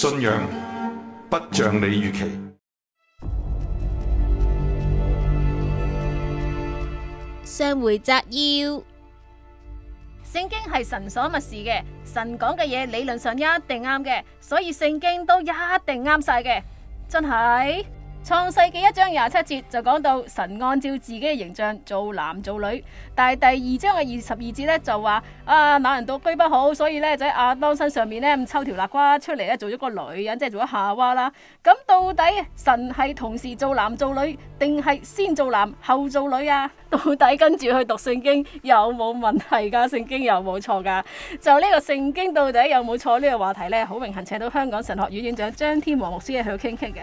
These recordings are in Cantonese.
信仰不像你預期。上回摘要，聖經係神所默示嘅，神講嘅嘢理論上一定啱嘅，所以聖經都一定啱曬嘅，真係？創世紀一章廿七節就講到神按照自己嘅形象做男做女，但係第二章嘅二十二節咧就話啊那人獨居不好，所以咧就喺亞當身上面咧咁抽條肋骨出嚟咧做咗個女人，即係做咗夏娃啦。咁到底神係同時做男做女，定係先做男後做女啊？到底跟住去讀聖經有冇問題噶？聖經有冇錯噶？就呢個聖經到底有冇錯呢個話題咧，好榮幸請到香港神學院院長張天和牧師去傾傾嘅。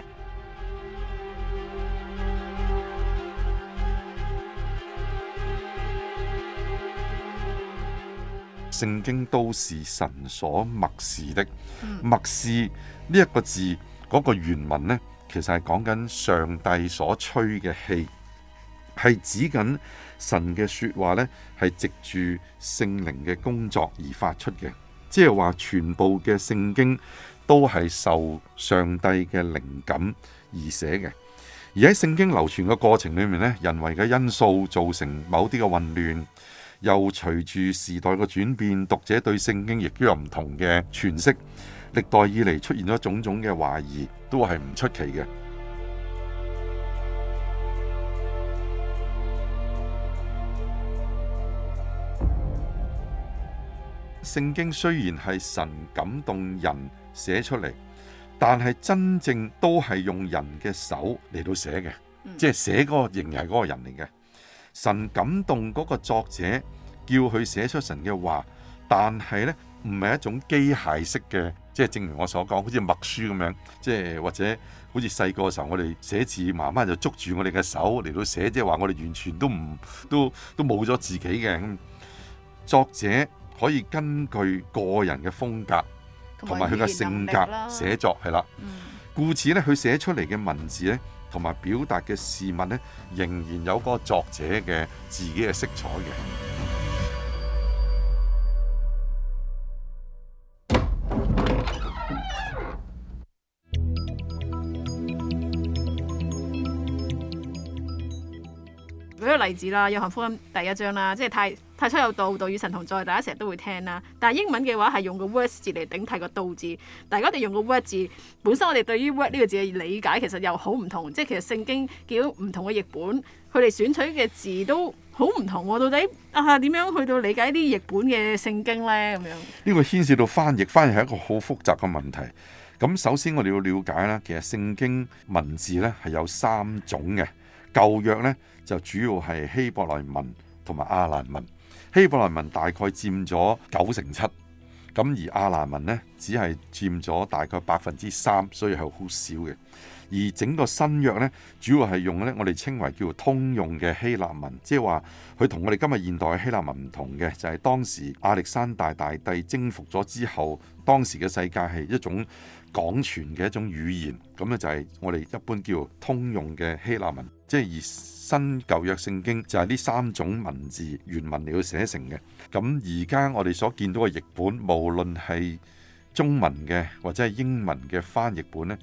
聖經都是神所默示的，默示呢一個字嗰個原文呢，其實係講緊上帝所吹嘅氣，係指緊神嘅說話呢係藉住聖靈嘅工作而發出嘅，即係話全部嘅聖經都係受上帝嘅靈感而寫嘅，而喺聖經流傳嘅過程裏面呢，人為嘅因素造成某啲嘅混亂。又隨住時代嘅轉變，讀者對聖經亦都有唔同嘅詮釋。歷代以嚟出現咗種種嘅懷疑，都係唔出奇嘅。聖經雖然係神感動人寫出嚟，但係真正都係用人嘅手嚟到寫嘅，即係寫嗰個仍然係嗰個人嚟嘅。神感動嗰個作者，叫佢寫出神嘅話，但係呢，唔係一種機械式嘅，即係正如我所講，好似默書咁樣，即係或者好似細個嘅時候我哋寫字，媽媽就捉住我哋嘅手嚟到寫，即係話我哋完全都唔都都冇咗自己嘅。咁作者可以根據個人嘅風格同埋佢嘅性格寫作，係啦，嗯、故此呢，佢寫出嚟嘅文字呢，同埋表達嘅事物咧，仍然有個作者嘅自己嘅色彩嘅。例子啦，約翰福音第一章啦，即係太太初有道，道與神同在，大家成日都會聽啦。但係英文嘅話係用個 word 字嚟頂替個道字，但如果我哋用個 word 字，本身我哋對於 word 呢個字嘅理解其實又好唔同，即係其實聖經見到唔同嘅譯本，佢哋選取嘅字都好唔同。到底啊，點樣去到理解啲譯本嘅聖經呢？咁樣呢個牽涉到翻譯，翻譯係一個好複雜嘅問題。咁首先我哋要了解啦，其實聖經文字呢係有三種嘅。舊約呢就主要係希伯來文同埋亞蘭文，希伯來文大概佔咗九成七，咁而亞蘭文呢，只係佔咗大概百分之三，所以係好少嘅。而整個新約呢，主要係用呢我哋稱為叫通用嘅希臘文，即係話佢同我哋今日現代嘅希臘文唔同嘅，就係當時亞歷山大大帝征服咗之後，當時嘅世界係一種廣傳嘅一種語言，咁咧就係我哋一般叫通用嘅希臘文，即係而新舊約聖經就係呢三種文字原文嚟到寫成嘅。咁而家我哋所見到嘅譯本，無論係中文嘅或者係英文嘅翻譯本呢。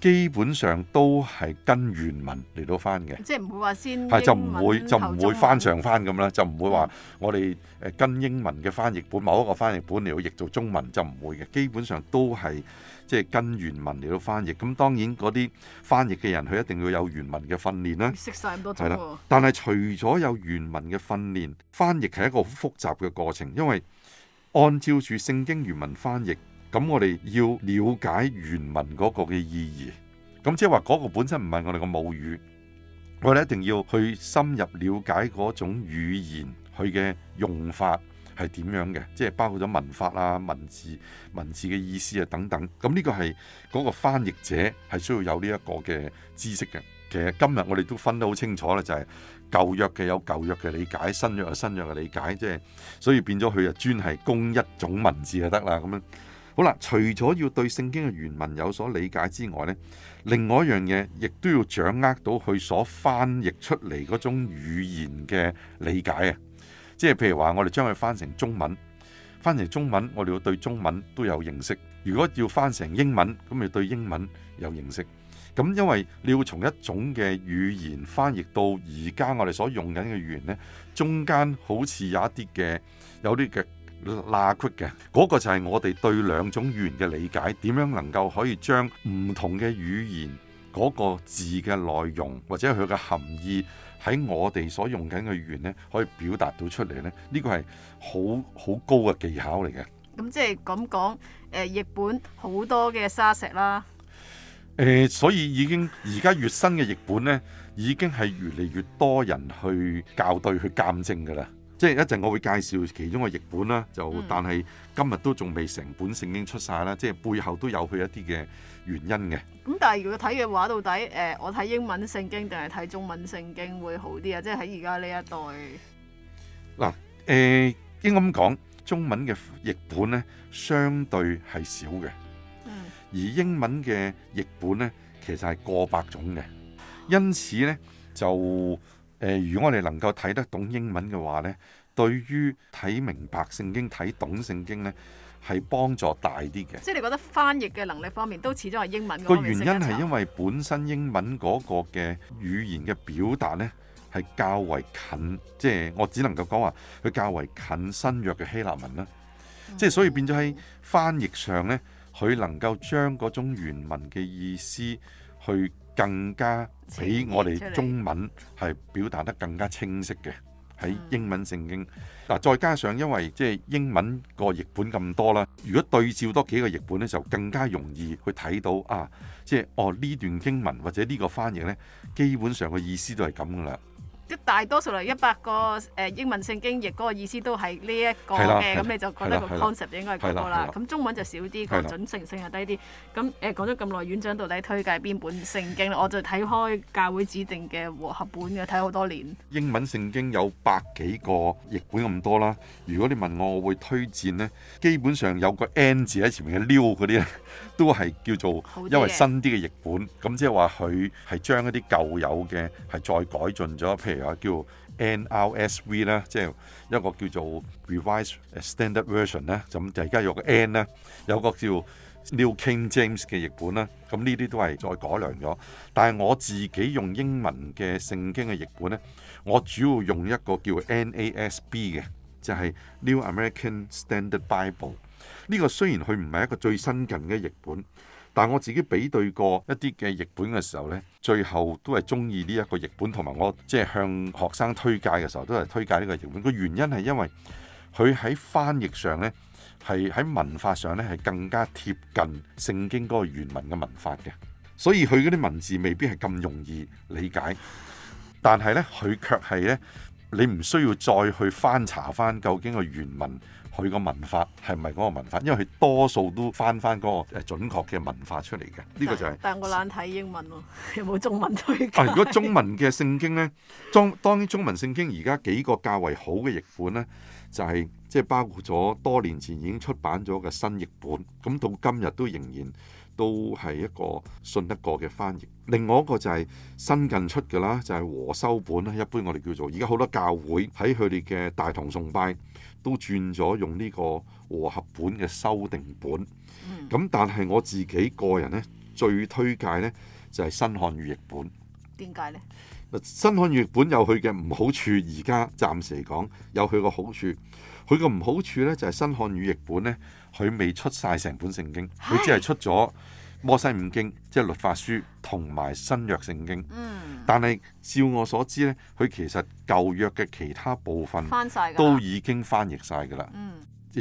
基本上都係跟原文嚟到翻嘅，即係唔會話先係就唔會就唔會翻上翻咁啦，就唔會話我哋誒跟英文嘅翻譯本某一個翻譯本嚟到譯做中文就唔會嘅，基本上都係即係跟原文嚟到翻譯。咁當然嗰啲翻譯嘅人佢一定要有原文嘅訓練啦，識曬咁多字。係啦，但係除咗有原文嘅訓練，翻譯係一個好複雜嘅過程，因為按照住聖經原文翻譯。咁我哋要了解原文嗰個嘅意義，咁即係話嗰個本身唔係我哋個母語，我哋一定要去深入了解嗰種語言佢嘅用法係點樣嘅，即係包括咗文法啊、文字、文字嘅意思啊等等。咁呢個係嗰個翻譯者係需要有呢一個嘅知識嘅。其實今日我哋都分得好清楚啦，就係舊約嘅有舊約嘅理解，新約有新約嘅理解，即係所以變咗佢就專係供一種文字就得啦咁樣。好啦，除咗要對聖經嘅原文有所理解之外呢，另外一樣嘢亦都要掌握到佢所翻譯出嚟嗰種語言嘅理解啊！即係譬如話，我哋將佢翻成中文，翻成中文，我哋要對中文都有認識；如果要翻成英文，咁要對英文有認識。咁因為你要從一種嘅語言翻譯到而家我哋所用緊嘅語言呢，中間好似有一啲嘅有啲嘅。罅隙嘅嗰個就係我哋對兩種語言嘅理解，點樣能夠可以將唔同嘅語言嗰、那個字嘅內容或者佢嘅含義喺我哋所用緊嘅語言咧，可以表達到出嚟咧？呢、這個係好好高嘅技巧嚟嘅。咁即係咁講，誒、呃，譯本好多嘅沙石啦。誒、呃，所以已經而家越新嘅譯本咧，已經係越嚟越多人去校對去鑑證噶啦。即係一陣，我會介紹其中嘅譯本啦。就但係今日都仲未成本聖經出曬啦。即係背後都有佢一啲嘅原因嘅。咁但係如果睇嘅話，到底誒我睇英文聖經定係睇中文聖經會好啲啊？即係喺而家呢一代嗱誒，應該咁講，中文嘅譯本咧，相對係少嘅。嗯。而英文嘅譯本咧，其實係過百種嘅。因此咧就。誒、呃，如果我哋能夠睇得懂英文嘅話呢，對於睇明白聖經、睇懂聖經呢係幫助大啲嘅。即係你覺得翻譯嘅能力方面，都始終係英文個原因係因為本身英文嗰個嘅語言嘅表達呢係、嗯、較為近，即、就、係、是、我只能夠講話佢較為近新約嘅希臘文啦。即係、嗯、所以變咗喺翻譯上呢，佢能夠將嗰種原文嘅意思去，更加比我哋中文係表達得更加清晰嘅，喺英文聖經嗱，再加上因為即係英文個譯本咁多啦，如果對照多幾個譯本咧，就更加容易去睇到啊，即係哦，呢段英文或者呢個翻譯咧，基本上嘅意思都係咁噶啦。即係大多數嚟一百個誒英文聖經譯嗰個意思都係呢一個嘅，咁的你就覺得的個 concept 應該係嗰個啦。咁中文就少啲，個的準成性又低啲。咁誒講咗咁耐，院長到底推介邊本聖經咧？我就睇開教會指定嘅和合本嘅，睇好多年。英文聖經有百幾個譯本咁多啦。如果你問我，我會推薦呢。基本上有個 N 字喺前面嘅 New 嗰啲咧，都係叫做因為新啲嘅譯本。咁即係話佢係將一啲舊有嘅係再改進咗，譬如。有叫 NRSV 啦，即係一個叫做 Revised Standard Version 啦，咁就而家有個 N 啦，有個叫 New King James 嘅譯本啦，咁呢啲都係再改良咗。但係我自己用英文嘅聖經嘅譯本咧，我主要用一個叫 NASB 嘅，就係 New American Standard Bible。呢個雖然佢唔係一個最新近嘅譯本。但我自己比對過一啲嘅譯本嘅時候呢，最後都係中意呢一個譯本，同埋我即係向學生推介嘅時候都係推介呢個譯本。個原因係因為佢喺翻譯上呢，係喺文化上呢，係更加貼近聖經嗰個原文嘅文化嘅，所以佢嗰啲文字未必係咁容易理解，但係呢，佢卻係呢，你唔需要再去翻查返究竟個原文。佢個文化係咪嗰個文化？因為佢多數都翻翻嗰個誒準確嘅文化出嚟嘅，呢個就係。但係我懶睇英文喎，有冇中文推介？啊，如果中文嘅聖經呢，中當然中文聖經而家幾個較為好嘅譯本呢，就係即係包括咗多年前已經出版咗嘅新譯本，咁到今日都仍然都係一個信得過嘅翻譯。另外一個就係新近出嘅啦，就係和修本啦，一般我哋叫做而家好多教會喺佢哋嘅大堂崇拜，都轉咗用呢個和合本嘅修訂本，咁、嗯、但係我自己個人呢，最推介呢，就係、是、新漢語譯本。點解呢？新漢語譯本有佢嘅唔好處，而家暫時嚟講有佢個好處。佢個唔好處呢，就係、是、新漢語譯本呢，佢未出晒成本聖經，佢只係出咗摩西五經即係律法書同埋新約聖經，嗯、但係照我所知咧，佢其實舊約嘅其他部分翻都已經翻譯晒噶啦，嗯、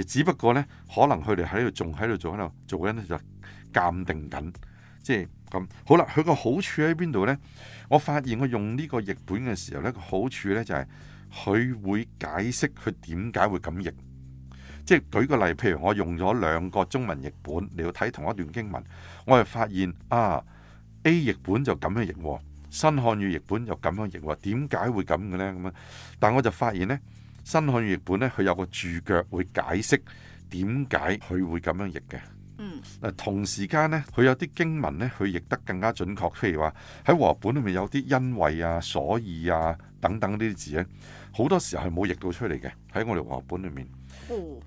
只不過咧可能佢哋喺度仲喺度做喺度做緊咧就鑒定緊，即係咁好啦。佢個好處喺邊度咧？我發現我用呢個譯本嘅時候咧，個好處咧就係佢會解釋佢點解會咁譯。即係舉個例，譬如我用咗兩個中文譯本你要睇同一段經文，我係發現啊 A 譯本就咁樣譯，喔，新漢語譯本就咁樣譯，點解會咁嘅呢？咁啊，但我就發現呢，新漢語譯本呢，佢有個注腳會解釋點解佢會咁樣譯嘅。嗯，同時間呢，佢有啲經文呢，佢譯得更加準確。譬如話喺和本裏面有啲因為啊、所以啊等等呢啲字呢，好多時候係冇譯到出嚟嘅喺我哋和本裏面。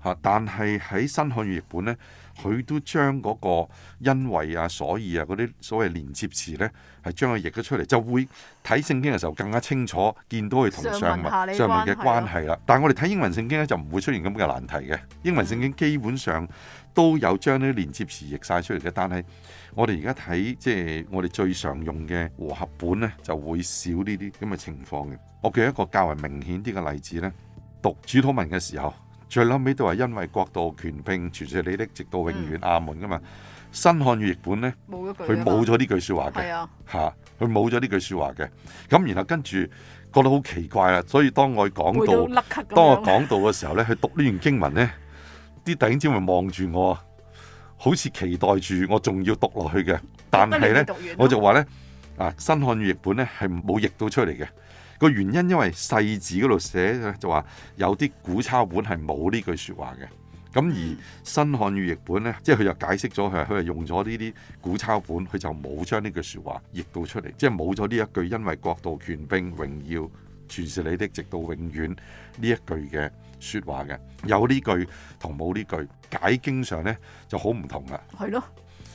吓，但係喺新漢語譯本咧，佢都將嗰個因為啊，所以啊，嗰啲所謂連接詞咧，係將佢譯咗出嚟，就會睇聖經嘅時候更加清楚，見到佢同上文、上文嘅關係啦。但係我哋睇英文聖經咧，就唔會出現咁嘅難題嘅。英文聖經基本上都有將呢啲連接詞譯晒出嚟嘅，但係我哋而家睇，即係我哋最常用嘅和合本咧，就會少呢啲咁嘅情況嘅。我舉一個較為明顯啲嘅例子咧，讀主禱文嘅時候。最,最後尾都係因為國度權柄全係你的直到永遠亞、嗯、門噶嘛？新漢語譯本咧，佢冇咗呢句説話嘅，嚇佢冇咗呢句説話嘅。咁、啊啊、然後跟住覺得好奇怪啊！所以當我講到當我講到嘅時候咧，去讀呢段經文咧，啲弟兄姊妹望住我，好似期待住我仲要讀落去嘅。但係咧，我就話咧啊，新漢語譯本咧係冇譯到出嚟嘅。個原因是因為細字嗰度寫咧就話有啲古抄本係冇呢句説話嘅，咁而新漢語譯本呢，即係佢就解釋咗佢，佢用咗呢啲古抄本，佢就冇將呢句説話譯到出嚟，即係冇咗呢一句，因為國度權柄榮耀全是你的，直到永遠呢一句嘅説話嘅，有呢句同冇呢句解經上呢就好唔同啦。係咯。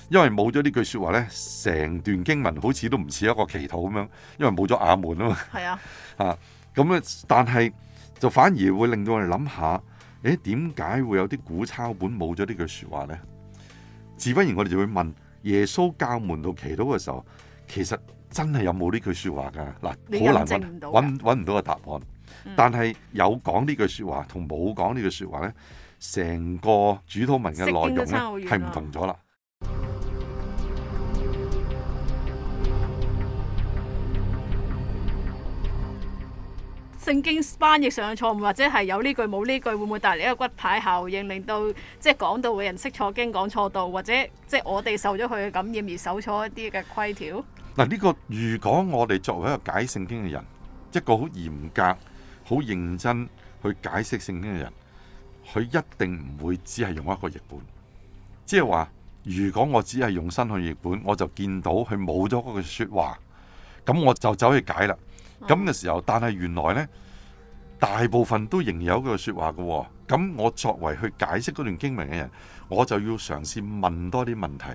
因為冇咗呢句説話咧，成段經文好似都唔似一個祈禱咁樣，因為冇咗阿門啊嘛。係啊，啊咁咧，但係就反而會令到我哋諗下，誒點解會有啲古抄本冇咗呢句説話咧？自不然我哋就會問耶穌教門到祈禱嘅時候，其實真係有冇呢句説話噶？嗱、啊，好難搵搵唔到個答案，嗯、但係有講呢句説話同冇講呢句説話咧，成個主禱文嘅內容咧係唔同咗啦。聖經翻譯上嘅錯誤，或者係有呢句冇呢句，會唔會帶嚟一個骨牌效應，令到即係講道嘅人識錯經，講錯道，或者即係我哋受咗佢嘅感染而守錯一啲嘅規條。嗱、這個，呢個如果我哋作為一個解聖經嘅人，一個好嚴格、好認真去解釋聖經嘅人，佢一定唔會只係用一個譯本。即係話，如果我只係用新漢語譯本，我就見到佢冇咗嗰句說話，咁我就走去解啦。咁嘅時候，但係原來呢，大部分都仍然有佢說話嘅。咁我作為去解釋嗰段經文嘅人，我就要嘗試問多啲問題：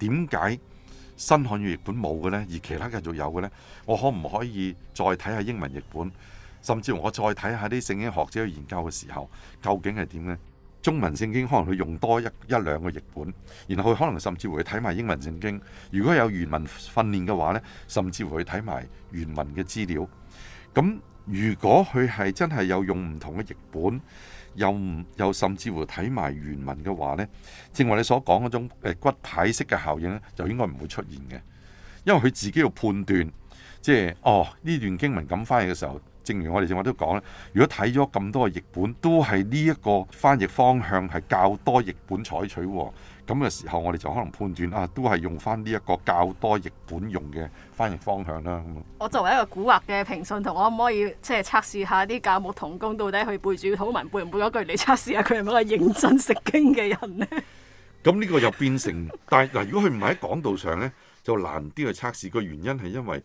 點解新漢語譯本冇嘅呢？而其他繼續有嘅呢？我可唔可以再睇下英文譯本，甚至我再睇下啲聖經學者去研究嘅時候，究竟係點呢？中文聖經可能佢用多一一兩個譯本，然後佢可能甚至會睇埋英文聖經。如果有原文訓練嘅話呢，甚至會睇埋原文嘅資料。咁如果佢係真係有用唔同嘅譯本，又唔又甚至乎睇埋原文嘅話呢，正話你所講嗰種誒骨牌式嘅效應呢，就應該唔會出現嘅，因為佢自己要判斷，即係哦呢段經文咁翻嘅時候。正如我哋正話都講咧，如果睇咗咁多嘅譯本，都係呢一個翻譯方向係較多譯本採取喎，咁嘅時候我哋就可能判斷啊，都係用翻呢一個較多譯本用嘅翻譯方向啦。咁我作為一個古惑嘅評論，同我可唔可以即係測試下啲教牧同工到底佢背住土文背唔背咗句，你測試下佢係咪一個認真食經嘅人呢？咁呢 個又變成，但嗱，如果佢唔喺講道上呢，就難啲去測試。個原因係因為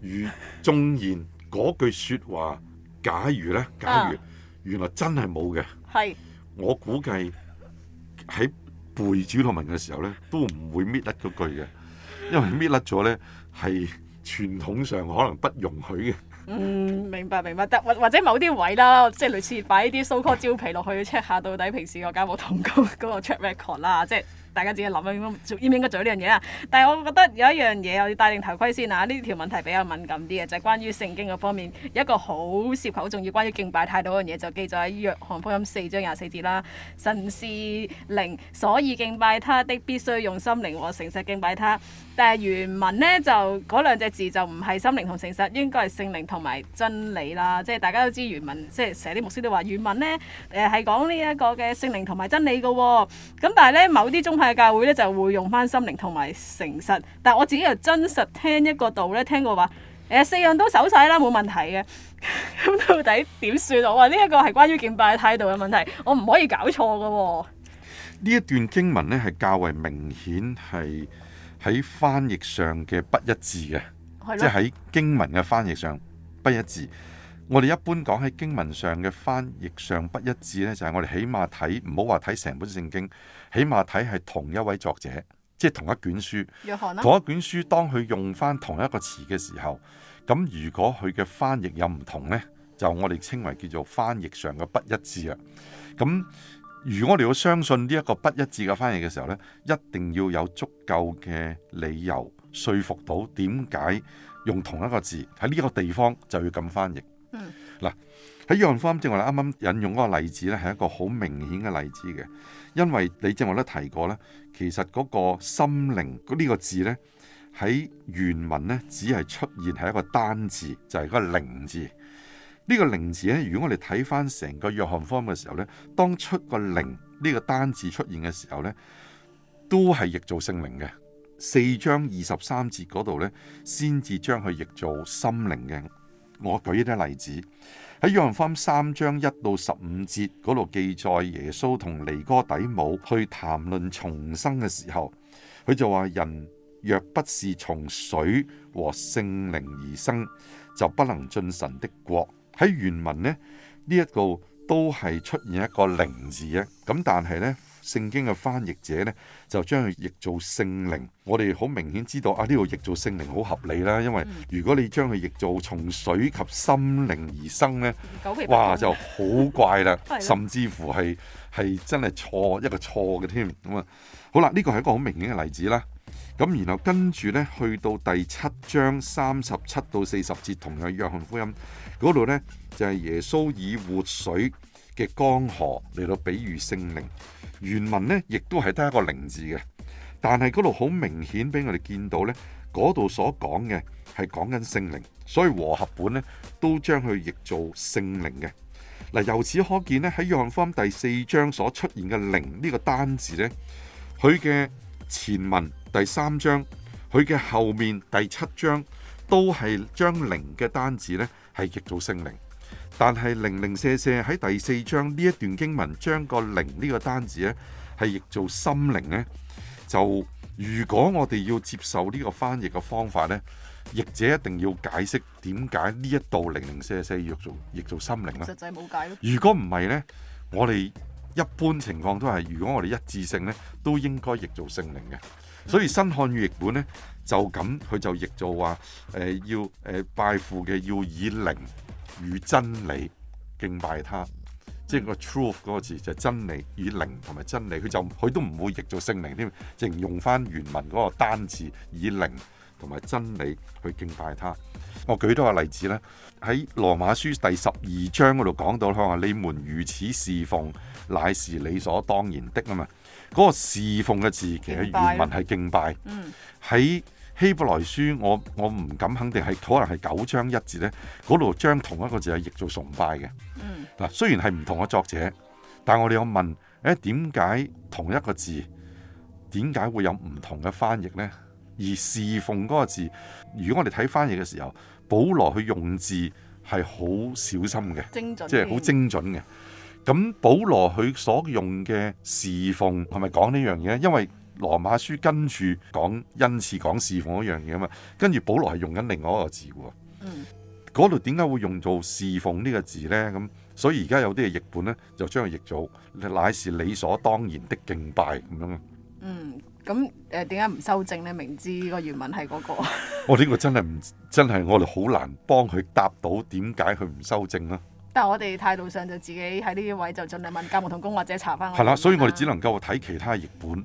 如中然。嗰句説話，假如咧，假如、啊、原來真係冇嘅，係，我估計喺背主論文嘅時候咧，都唔會搣甩嗰句嘅，因為搣甩咗咧係傳統上可能不容許嘅。嗯，明白明白，但或或者某啲位啦，即係類似擺啲 so call 招皮落去 check 下，到底平時個間冇同工嗰個 check record 啦，即係。大家自己諗一諗應唔應該做呢樣嘢啦。但係我覺得有一樣嘢我要戴定頭盔先啊！呢條問題比較敏感啲嘅，就係、是、關於聖經嗰方面有一個好涉及好重要關於敬拜態度嗰樣嘢，就記載在喺約翰福音四章廿四節啦。神是靈，所以敬拜他的必須用心靈和誠實敬拜他。但係原文呢，就嗰兩隻字就唔係心靈同誠實，應該係聖靈同埋真理啦。即係大家都知原文，即係寫啲牧師都話原文呢，誒係講呢一個嘅聖靈同埋真理嘅喎、哦。咁但係呢，某啲中。大教會咧，就會用翻心靈同埋誠實，但係我自己又真實聽一個度，咧，聽過話誒、呃、四樣都守晒啦，冇問題嘅。咁到底點算？我話呢一個係關於敬拜態度嘅問題，我唔可以搞錯噶、哦。呢一段經文咧係較為明顯係喺翻譯上嘅不一致嘅，即係喺經文嘅翻譯上不一致。我哋一般講喺經文上嘅翻譯上不一致咧，就係、是、我哋起碼睇，唔好話睇成本聖經。起碼睇係同一位作者，即係同一卷書。約翰啊！同一卷書，當佢用翻同一個詞嘅時候，咁如果佢嘅翻譯有唔同呢，就我哋稱為叫做翻譯上嘅不一致啊。咁如果我哋要相信呢一個不一致嘅翻譯嘅時候呢，一定要有足夠嘅理由說服到點解用同一個字喺呢個地方就要咁翻譯。嗯。嗱喺約翰福音正話，我啱啱引用嗰個例子呢，係一個好明顯嘅例子嘅。因為你正話都提過咧，其實嗰個心靈嗰呢個字呢，喺原文呢，只係出現係一個單字，就係、是、嗰個靈字。呢、這個靈字呢，如果我哋睇翻成個約翰福音嘅時候呢，當出個靈呢、這個單字出現嘅時候呢，都係譯做聖靈嘅。四章二十三節嗰度呢，先至將佢譯做心靈嘅。我舉一啲例子。喺約翰三章一到十五節嗰度記載耶穌同尼哥底母去談論重生嘅時候，佢就話：人若不是從水和聖靈而生，就不能進神的國。喺原文呢，呢一度都係出現一個靈字嘅，咁但係呢。聖經嘅翻譯者呢，就將佢譯做聖靈。我哋好明顯知道啊，呢度譯做聖靈好合理啦。因為如果你將佢譯做從水及心靈而生呢，嗯、哇，就好怪啦， 的甚至乎係係真係錯一個錯嘅添。咁、嗯、啊，好啦，呢、這個係一個好明顯嘅例子啦。咁然後跟住呢，去到第七章三十七到四十節，同樣約翰福音嗰度呢，就係、是、耶穌以活水。嘅江河嚟到比喻聖靈，原文呢亦都係得一個靈字嘅，但係嗰度好明顯俾我哋見到呢，嗰度所講嘅係講緊聖靈，所以和合本呢都將佢譯做聖靈嘅。嗱，由此可見呢，喺約翰福音第四章所出現嘅靈呢個單字呢，佢嘅前文第三章，佢嘅後面第七章都係將靈嘅單字呢係譯做聖靈。但係零零舍舍喺第四章呢一段經文，將個「靈」呢個單字呢係譯做心靈呢，就如果我哋要接受呢個翻譯嘅方法呢，譯者一定要解釋點解呢一度零零舍舍要做譯做心靈啦。實際冇解咯。如果唔係呢，我哋一般情況都係，如果我哋一致性呢，都應該譯做聖靈嘅。所以新漢語譯本呢，就咁，佢就譯做話，誒要誒、呃、拜父嘅要以靈。與真理敬拜他，即係個 truth 嗰個字就係真理，以靈同埋真理，佢就佢都唔會譯做聖靈添，淨用翻原文嗰個單字以靈同埋真理去敬拜他。我舉多個例子咧，喺羅馬書第十二章嗰度講到佢話：你們如此侍奉，乃是理所當然的啊嘛。嗰、那個侍奉嘅字其實原文係敬拜，喺拜。希伯來書我我唔敢肯定係可能係九章一字咧，嗰度將同一個字係譯做崇拜嘅。嗯，嗱雖然係唔同嘅作者，但係我哋有問，誒點解同一個字點解會有唔同嘅翻譯咧？而侍奉嗰個字，如果我哋睇翻譯嘅時候，保羅佢用字係好小心嘅，精準，即係好精準嘅。咁保羅佢所用嘅侍奉係咪講呢樣嘢咧？因為羅馬書跟住講，恩賜講侍奉一樣嘢啊嘛，跟住保羅係用緊另外一個字，嗯，嗰度點解會用做侍奉呢個字咧？咁所以而家有啲嘅譯本咧，就將佢譯做乃是理所當然的敬拜咁樣。嗯，咁誒，點解唔修正咧？明知個原文係嗰、那個。我呢個真係唔真係，我哋好難幫佢答到點解佢唔修正啦、啊。但係我哋態度上就自己喺呢位就盡量問教牧同工或者查翻、啊。係啦、啊，所以我哋只能夠睇其他譯本。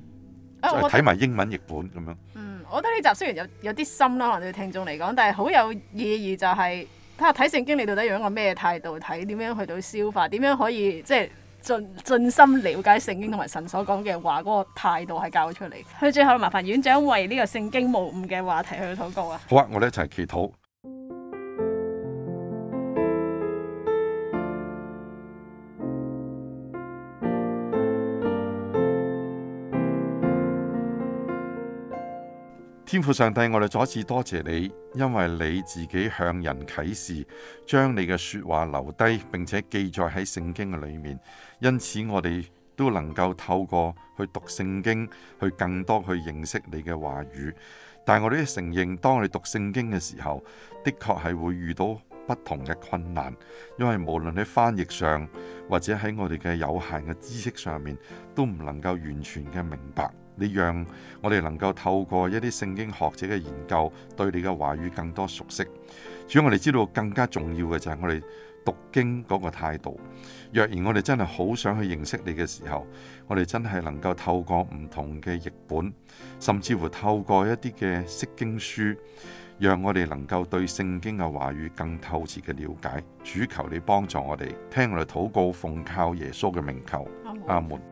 就睇埋英文譯本咁樣。啊，嗯，我覺得呢集雖然有有啲深啦，可能對聽眾嚟講，但係好有意義就係，睇下睇聖經你到底用一個咩態度睇，點樣去到消化，點樣可以即係盡盡心了解聖經同埋神所講嘅話嗰個態度係教出嚟。去最後麻煩院長為呢個聖經無誤嘅話題去禱告啊！好啊，我哋一齊祈禱。天父上帝，我哋再次多謝你，因為你自己向人啟示，將你嘅說話留低，並且記載喺聖經嘅裏面，因此我哋都能夠透過去讀聖經，去更多去認識你嘅話語。但我哋都承認，當我哋讀聖經嘅時候，的確係會遇到不同嘅困難，因為無論喺翻譯上，或者喺我哋嘅有限嘅知識上面，都唔能夠完全嘅明白。你讓我哋能夠透過一啲聖經學者嘅研究，對你嘅話語更多熟悉。主，我哋知道更加重要嘅就係我哋讀經嗰個態度。若然我哋真係好想去認識你嘅時候，我哋真係能夠透過唔同嘅譯本，甚至乎透過一啲嘅釋經書，讓我哋能夠對聖經嘅話語更透徹嘅了解。主，求你幫助我哋，聽我哋禱告，奉靠耶穌嘅名求。阿門。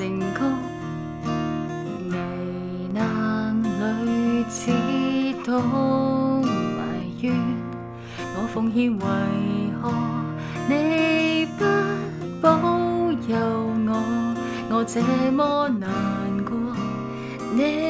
成功，危難裏只懂埋怨。我奉獻，為何你不保佑我？我這麼難過，你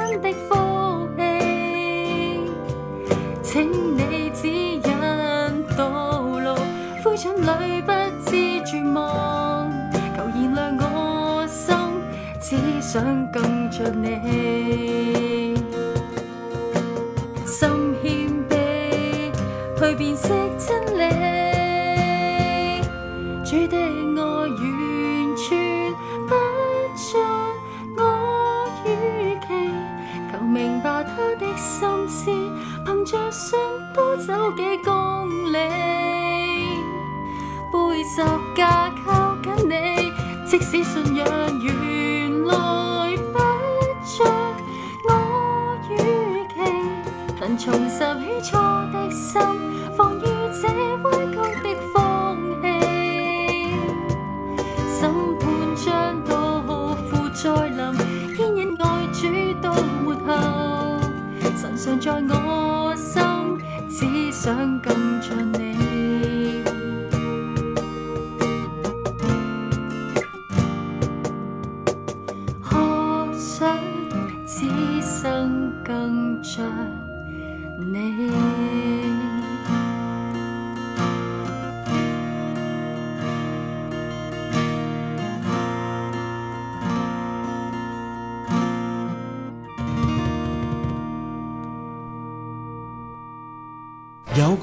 初的心，防的放於這彎曲的風氣，審判將都覆再臨，牽引愛主到末後，神常在我心，只想更近。